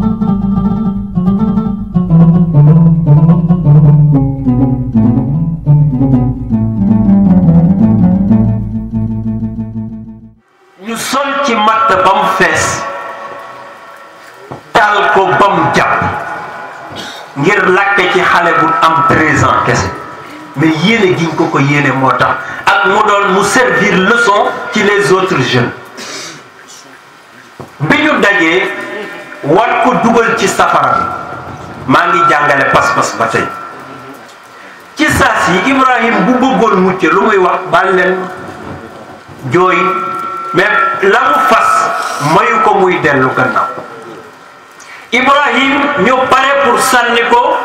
ñu sol ci matt ba mu fees taal ko ba mu ngir lakke ci xale bu am treize kese mais yéene gi ko ko moo tax ak mu doon mu le son ci les autres jeunes bi ñu dajee war ko dugal ci safara bi maa ngi jàngale pas-pas ba tey ci saas yi Ibrahim bu bëggoon mucc lu muy wax baal jooy mais la mu fas mayu ko muy dellu gannaaw Ibrahim ñu pare pour sànni ko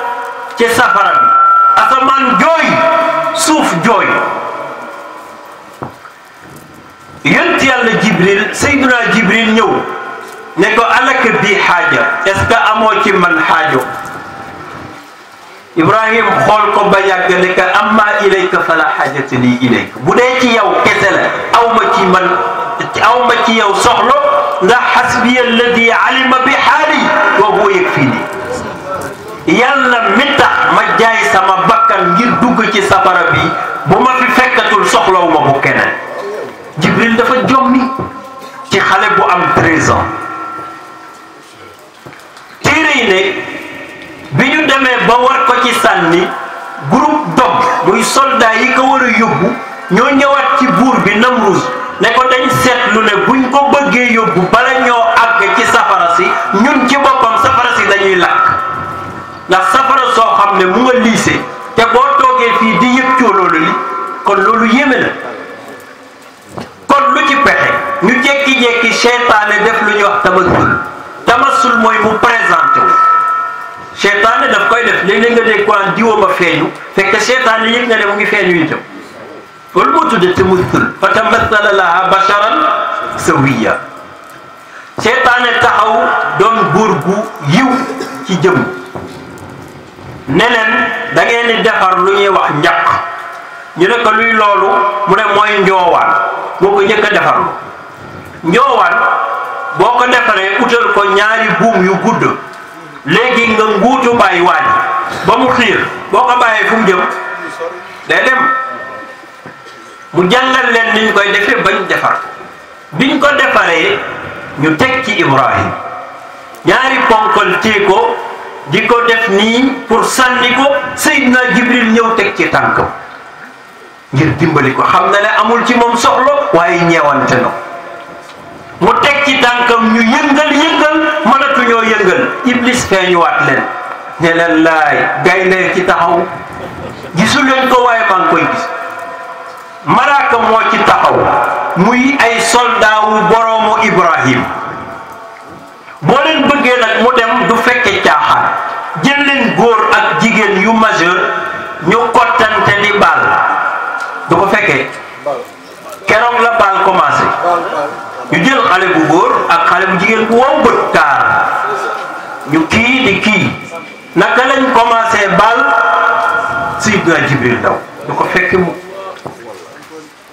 ci safara bi asamaan jooy suuf jooy yent yàlla Jibril Seydina Jibril ñëw ne ko alaka bii xaaja est ce que amoo ci man xaajo ibrahim xool ko ba yàgg ne ko amma ilayka fala xaajata lii ilayka bu dee ci yow aw ma ci man ma ci yow soxla ndax xasbiya alladi alima bi xaali wa huwa yakfini yàlla mi tax ma jaay sama bakkan ngir dugg ci safara bi bu ma fi fekkatul soxlaw ma bu keneen jibril dafa jommi ci xale bu am 13 ko ci sànni groupe dog muy soldat yi ko a yóbbu ñoo ñëwaat ci buur bi Namruus ne ko dañ seetlu ne buñ ko bëggee yóbbu bala ñoo àgg ci safara si ñun ci boppam safara si dañuy lakk ndax safara soo xam ne mu nga liise te boo toogee fii di yëpp yëg cooloolu li kon loolu yéeme na kon lu ci pexe ñu jékki-jékki seytaane def lu ñuy wax tamassul tamassul mooy mu présenté wu léeg nga ko an diwoo ma feeñu ne mu ngi feeñu itam loolu moo tudde tamathul fa tamassala laha basharan sawiya góor gu yiw ci jëm neneen dangeen defar lu ñuy wax njaq ñu ne luy loolu mu ne mooy njoowaan moo ko njëkk defarlu njoowaan boo ko defaree utal ko ñaari buum yu gudd léegi nga nguutu bàyyi waaj ba mu xiir boo ko bàyyee fu mu jëm day dem mu jàngal leen niñ koy defee bañ defar biñ ko defaree ñu teg ci Ibrahim ñaari ponkal téye ko di ko def nii pour sànni ko Seydina Jibril ñëw teg ci tànkam ngir dimbali ko xam na ne amul ci moom soxla waaye ñeewante na mu teg ci tànkam ñu yëngal yëngal mënatuñoo yëngal Iblis feeñuwaat leen. ne leen laay gaynde ci taxaw gisu leen ko waaye maa koy gis maraaka moo ci taxaw muy ay soldat wu boroomu Ibrahim boo leen bëggee nag mu dem du fekke caaxaan jël leen góor ak jigéen yu majeur ñu kottante di baal du ko fekkee keroog la baal commencé ñu jël xale bu góor ak xale bu jigéen bu wow bët kaar ñu kii di kii naka lañ commencé baal Seydina Jibril daw du ko fekke mu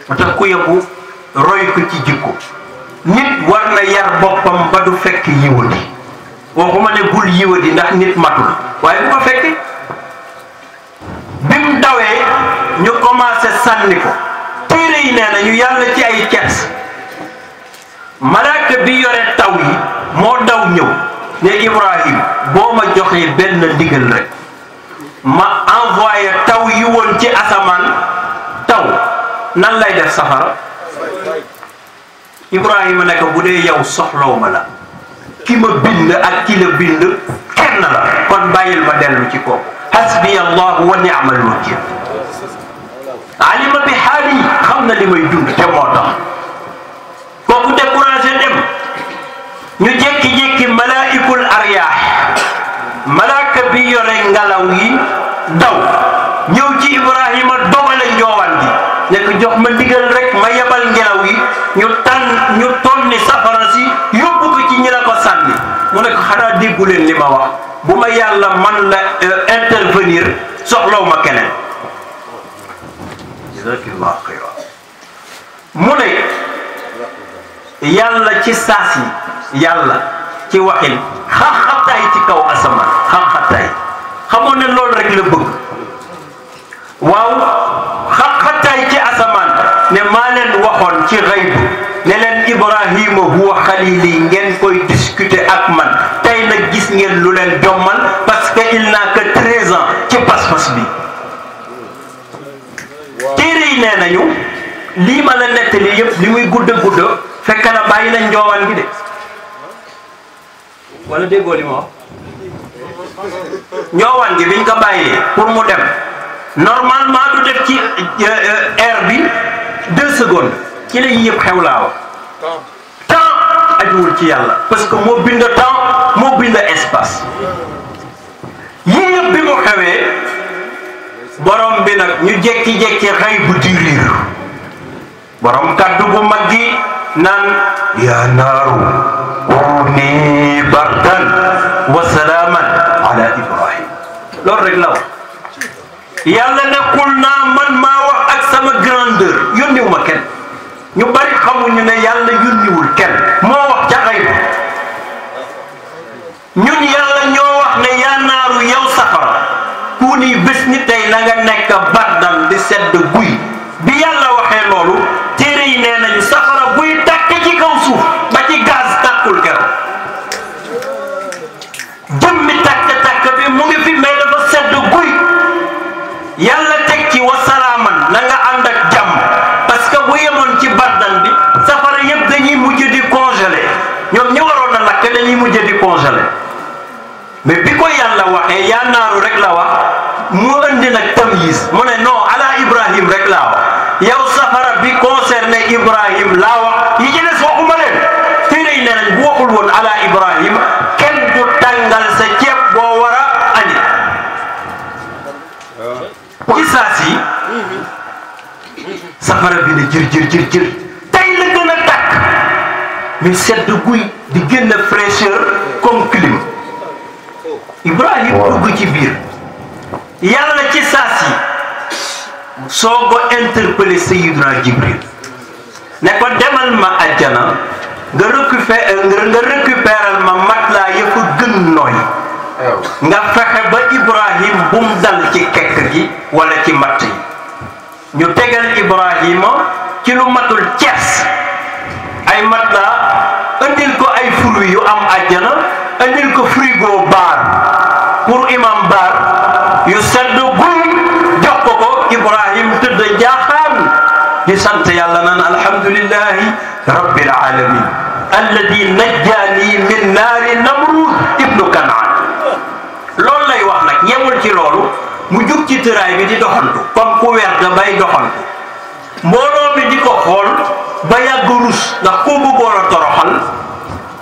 moo tax ku yóbbu roy ko ci jikko nit war na yar boppam ba du fekk yiwadi waxuma ne bul yiwadi ndax nit matul waaye du ko fekke bi mu dawee ñu commencé sànni ko téere yi nee na ñu yàlla ci ay cet malaaka bi yore taw yi moo daw ñëw ne Ibrahim boo ma joxee benn ndigal rek ma envoyé taw yi woon ci asamaan taw nan lay def safara Ibrahima ne ko bu dee yow soxlaw ma la ki ma bind ak ki la bind kenn la kon bàyyil ma dellu ci kooku hasbi allahu wa ni'mal wakil alima bi xaali xam na li may dund te moo tax kooku découragé malaaka bi yore ngelaw yi daw ñëw ci Ibrahima dogale njoowaan gi nekk jox ma ndigal rek ma yebal ngelaw yi ñu tànn ñu tonni safara si yóbbu ko ci ñi la ko sànni mu ne ko xanaa déggu leen li ma wax bu ma yàlla man la euh, intervenir soxlaw ma keneen jazakallah mu ne yàlla ci saas yi yàlla ci waxin xaxataay ci kaw asamaan xaxataay xamoon ne loolu rek la bëgg waaw xaxataay ci asamaan ne maa leen waxoon ci xayb ne leen Ibrahima huwa xalili ngeen koy discuter ak man tey nag gis ngeen lu leen jommal parce que il naa que treize ans ci pas-pas bi téere yi nee nañu lii ma la nettali yëpp li muy gudda gudda fekk na bàyyi nañ njoowaan gi de wala déggoo li ma wax ñoowaan gi biñ ko bàyyi pour mu dem normalement du def ci euh, euh, air bi deux secondes ci la yëpp xew laa wax temps ajuwul ci yàlla parce que moo bind temps moo bind espace yii yëpp bi mu xewee borom bi nag ñu jekki-jekki xëy bu diriir borom kàddu bu mag gi naan yaa naaru kuuni barkan wa salaaman ala yàlla nekkul naa man maa wax ak sama grandeur yónniwu ma kenn ñu bari xamuñu ne yàlla yónniwul kenn moo wax ca xayb ñun yàlla ñoo wax ne yaa naaru yow safara kuuni bés ni tey bardan di sedd guy bi yàlla waxee loolu téere yi nee safara bi ne jër jër jër jër tey la gën a tàkk sedd guy di génn fraîcheur comme clim Ibrahim dugg ci biir yàlla ci saas soo ko interpellé Seydina Jibril ne ko demal ma àjjana nga récupéré nga récupéral ma matelas ya ko gën nooy nga fexe ba Ibrahim bu mu dal ci kekk gi wala ci matt yi ñu tegal Ibrahima ci lu matul cees ay mat la indil ko ay fruits yu am àjjana indil ko frigo baar pour imam baar yu sedd guy jox ko ko Ibrahim tëdd di sant yàlla naan alhamdulillahi rabbil alamin alladi najjaani min naari namrud ibnu kanaan loolu lay wax nag yemul ci loolu mu jóg ci tëraay bi di doxantu comme ku weer da bay doxantu mbooloo mi di ko xool ba yàgg rus ndax koo bëggoon a toroxal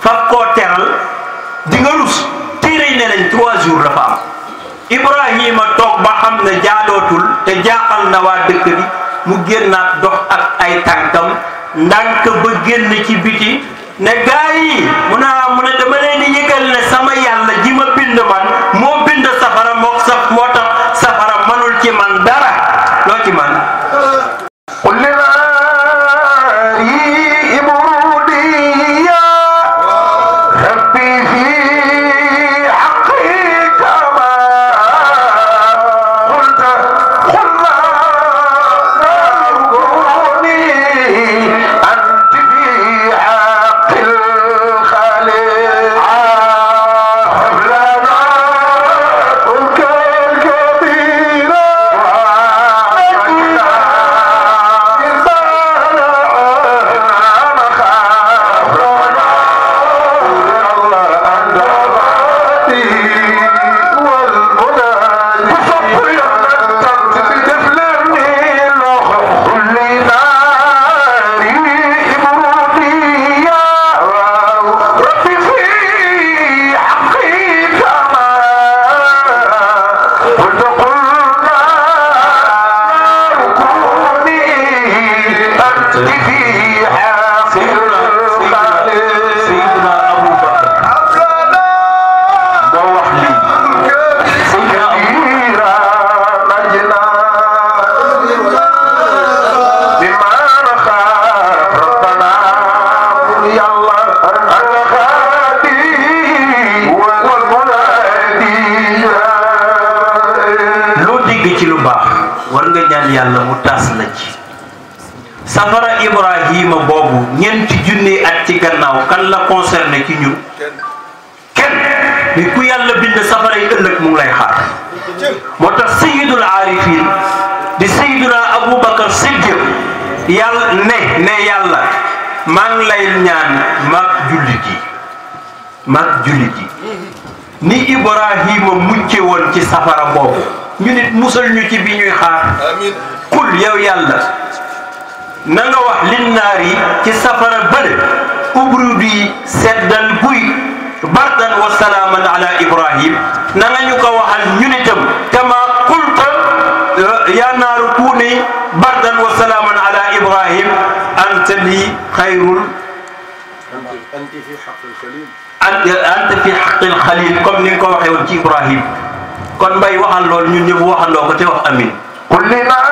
faf koo teral di nga rus téere yi ne nañ trois jours dafa am Ibrahima toog ba xam ne jaadootul te jaaxal na waa dëkk bi mu génnaat dox ak ay tànkam ndànk ba génn ci biti ne gaa yi mu ne mu ne dama leen di yëgal ne sama la concerné ci ñun kenn ni ku yàlla bind safara yi ëllëg mu ngi lay xaar moo tax sayidul aarifin di sayiduna aboubacar siddiq yàlla ne ne yàlla maa ngi lay ñaan maag jullit yi maag jullit yi ni ibrahima mucce woon ci safara boobu ñu nit musal ñu ci bi ñuy xaar kul yow yàlla na nga wax linnaar yi ci safara bële ubrudi seddal buy bardan wa salaaman ala ibrahim na nga ñu ko waxal ñun itam kama qulta eh, yaa naaru kuuni bardan wa salaaman ala ibrahim anta li xayrul anta fi xaqil xalil anta fi xaqil xalil comme ni nga ko waxee woon ci ibrahim kon mbay waxal lool ñun ñëpp waxandoo ko te wax amin qul li ma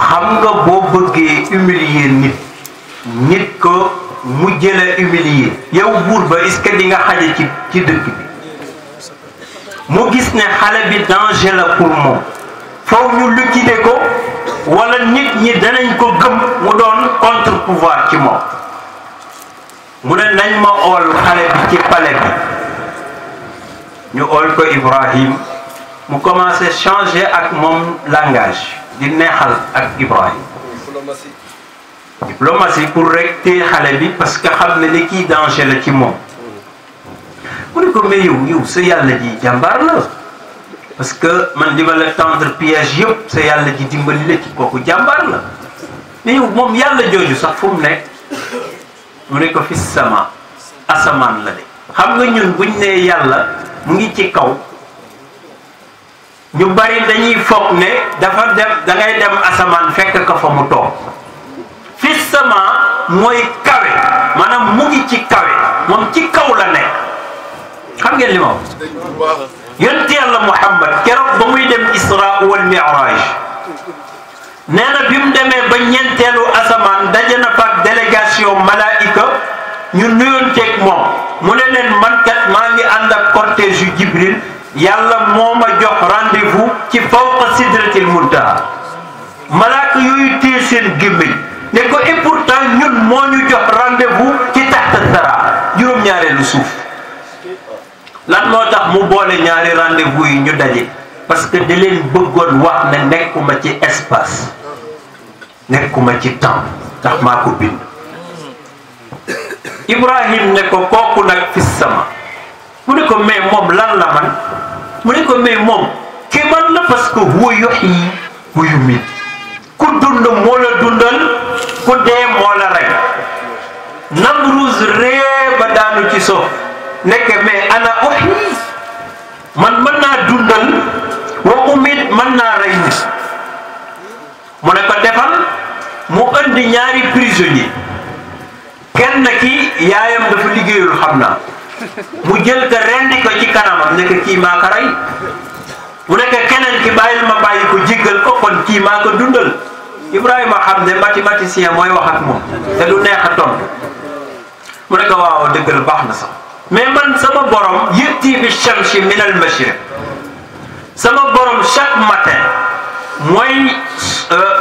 xam nga boo bëggee humilier nit nit ko mu jëla humilier yow buur ba est-ce que di nga xaje ci ci dëkk bi mu gis ne xale bi danger la pour moom foofu ñu liquider ko walla nit ñi danañ ko gëm mu doon contre ci moom mu ne nañ ma ool xale bi ci palais bi ñu ool ko Ibrahim mu commencé changer ak moom langage di neexal ak Ibrahima diplomatie pour rek téye xale bi parce que xam ne ni kii danger la ci moom mu ne ko mais yow yow sa yàlla ji jàmbaar la parce que man li ma la piège yëpp sa yàlla ji dimbali la ci kooku jàmbaar la mais yow moom yàlla jooju sax fu mu nekk mu ne ko fi sama asamaan la de xam nga ñun buñ nee yàlla mu ngi ci kaw ñu bari dañuy foog ne dafa dem dangay dem asamaan fekk ko fa mu toog fi sama mooy kawe maanaam mu ngi ci kawe moom ci kaw la nekk xam ngeen li ma wax yonent yàlla Muhammad keroog ba muy dem Isra wal Mi'raj nee na bi mu demee ba ñeenteelu asamaan daje na fa ak délégation malaika ñu nuyoon teeg moom mu ne leen man kat maa ngi ànd ak cortège yu Jibril yàlla moo ma jox rendez-vous ci fawqa sidratil muntaha malaaka yooyu téye seen gémmiñ ne ko et pourtant ñun moo ñu jox rendez ci taxta dara juróom-ñaareelu suuf lan moo tax mu boole ñaari rendez-vous yi ñu daje parce que da leen bëggoon wax ne nekkuma ci espace nekkuma ci temps ndax maa ko bind Ibrahim ne ko kooku nag fis sama mu ne ko mais moom lan la man mu ne ko mais moom kéemaan la parce que huwa yuhyi wa ku dund moo la dundal ku dee moo la rey Namruus ree ba daanu ci soof nekk mais ana uhyi man mën naa dundal wa umiit mën naa rey mu ne ko defal mu indi ñaari prisonnier kenn ki yaayam dafa liggéeyul xam naa mu jël ko rendi ko ci kanamam ne ko rey mu nekk keneen ki bàyyil ma bàyyi ko jéggal ko kon kii maa ko dundal Ibrahima xam ne mathématicien mooy wax ak moom te du neex a tontu mu nekk waaw dëggal baax na sax mais man sama borom yëtti bi chamsi mooy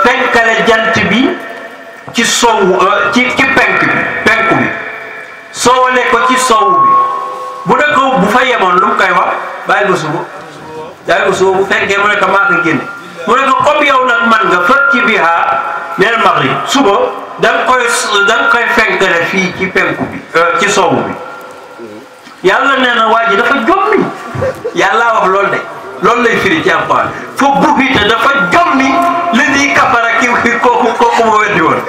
fenkale euh, jant bi ci sow euh, ci ci penk bi penku bi soowale ko ci sow bi bu dëkk bu fa yemoon lu mu koy wax bàyyi ba suba bàyyi ba suba bu fekkee mu ne ko maa ko génne mu ne ko comme yow man nga fët ci biha mel maghrib suba da nga koy da nga koy fii ci penku bi euh, ci soowu bi yàlla nee na waa ji dafa jommi yàlla wax loolu de loolu lay firi ci alquran fo buhita dafa jommi li kafara ki kooku kooku mu weddi woon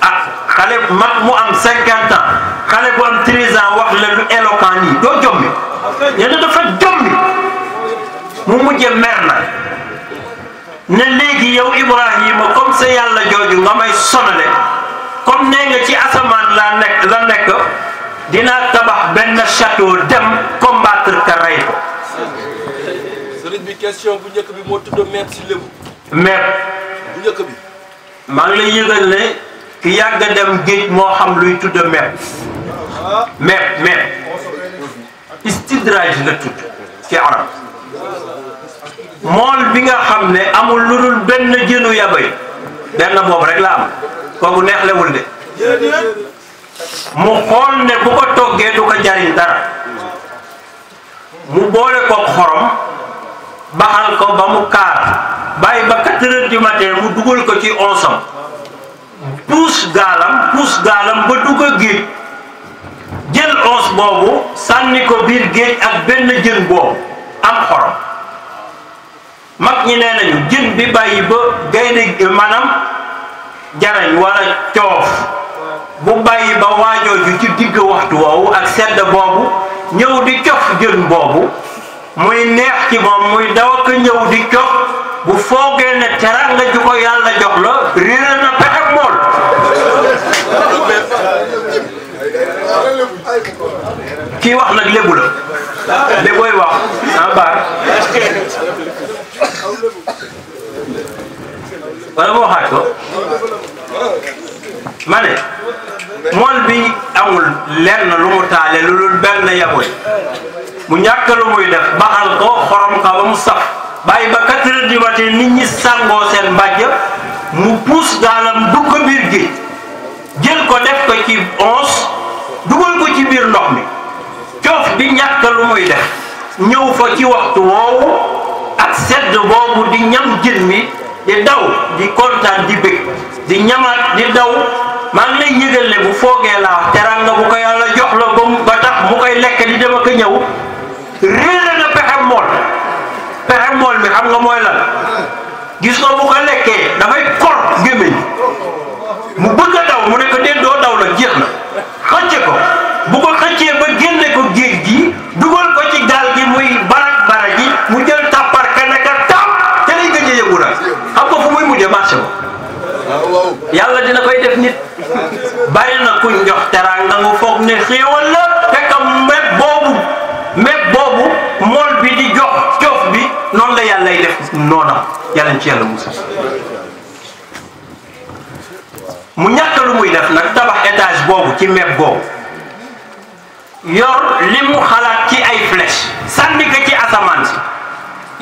ah mu am cinquante ans xale treize ans wax la lu éloquent nii doo jommi nee na dafa jommi mu mujje mer na ne léegi yow Ibrahima comme sa yàlla jooju nga may sonale comme nee nga ci asamaan laa nekk la nekk dina tabax benn château dem combattre ka rey ko sëriñ bi question bu njëkk bi moo tudd bi maa ngi lay yëgal ne ki yàgg dem géej moo xam luy tudd maître meeb meeb istidraaj la tudd ci arab mool bi nga xam ne amul lu dul benn jënu yabay benn boobu rek la am kooku neexlewul de mu xool ne bu ko toggee du ko jariñ dara mu boole ko xorom baxal ko ba mu kaar bàyyi ba quatre mu dugal ko ci onsam puus gaalam puus gaalam ba dugg a géej jël os boobu sànni ko biir géej ak benn jën boobu am xorom mag ñi ne nañu jën bi bàyyi ba gaynde maanaam jarañ wala coof bu bàyyi ba waajooju ci digg waxtu woowu ak sedd boobu ñëw di cof jën boobu muy neex ci moom muy daw ak ñëw di cof bu foogee ne teranga ju ko yàlla jox la réeral kii wax nag lébu la lébooy wax sans ah, baar moo waxaat ma ne mool bi amul lenn lu mu taale lu dul benn yaboy mu ñàkk lu muy def baxal ko xorom ka ba mu saf bàyyi ba quatre heures du matin nit ñi sàngoo seen mbàjj mu puus gaalam du ko biir jël ko def ko ci onze dugal ko ci biir ndox mi coof di ñàkk lu muy def ñëw fa ci waxtu woowu ak sedd boobu di ñam jën mi di daw di kontaan di bëgg di ñamaat di daw maa ngi lay yëgal bu foogee laa teraanga bu ko yàlla jox la ba ba tax mu koy lekk di dem ak ñëw réere na pexe mool pexe mool mi xam nga mooy lan gis nga bu ko lekkee dafay kor bu ko xëccee ba génne ko géej gi dugal ko ci gaal gi muy barak bara ji mu jël tàppar ka naka tam te lay gëj a yëgu nag xam nga fu muy mujjee marché ba yàlla dina koy def nit bari na kuñ jox teraanga mu foog ne xéewal la fekk mépp boobu mépp boobu mool bi di jox coof bi noonu la yàllay def noonam yàlla ci yàlla musa mu ñàkk lu muy def nag tabax étage boobu ci mépp boobu yor li xalaat ci ay flèche sànni ko ci asamaan si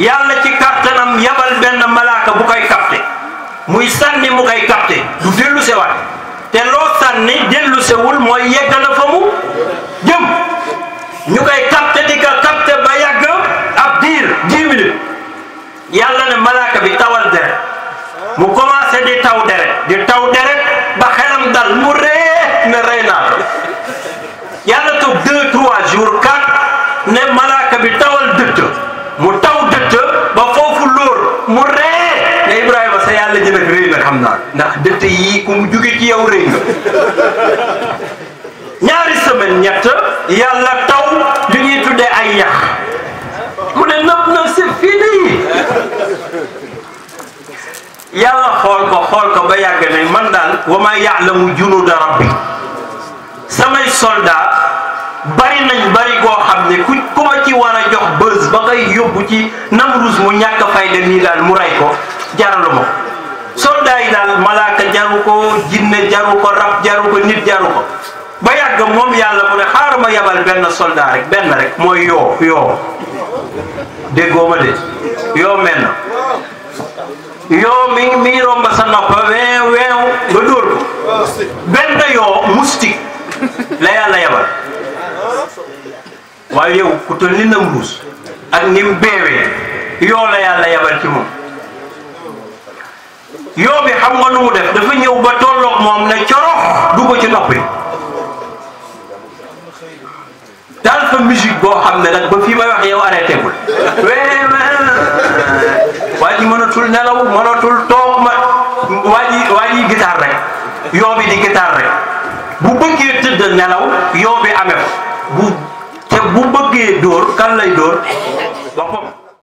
yàlla ci kàttanam yabal benn malaaka bu koy capté muy sànni mu koy capté du dellu sewaat te loo sanni dellu sewul mooy yegg na fa mu jëm ñu koy capté di ko capté ba yàgg ab diir dix minutes ne malaaka bi tawal deret mu commencé di taw deret di taw deret ba xelam dal mu ree ne rey naa jour 4 ne malaaka bi tawal dëtt mu taw dëtt ba foofu lóor mu ree ne Ibrahima sa yàlla na xam naa ndax dëtt yii ku mu jóge ci ñaari semaine ñett yàlla taw li ñuy tuddee ay yax mu ne nëpp na man daal rabbi samay soldat bari nañ bari koo xam ne ku ko ci war a jox bës ba ngay yóbbu ci nam Namruus mu ñàkk fayda nii daal mu ray ko jaralu ma soldat yi daal malaaka jaru ko jinne jaru ko rab jaru ko nit jaru ko ba yàgg moom yàlla mu ne xaaral ma yabal benn soldat rek benn rek mooy yoo yoo déggoo ma de yoo mel na yoo mi mi romb sa nopp weew weew nga dóor ko benn yoo waaye yow ku toll ni Namruus ak ni mu beewee yoo la yàlla yabal ci moom yoo bi xam nga nu mu def dafa ñëw ba tolloog moom ne corox dugg ci noppi daal fa musique boo xam ne nag ba fii may wax yow arrêté gul waa ji mënatul nelaw mënatul toog ma waa ji waa ji gitaar rek yoo bi di gitaar rek bu bëggee tëdd nelaw yoo bi amee bu bëggee dóor kan lay dóor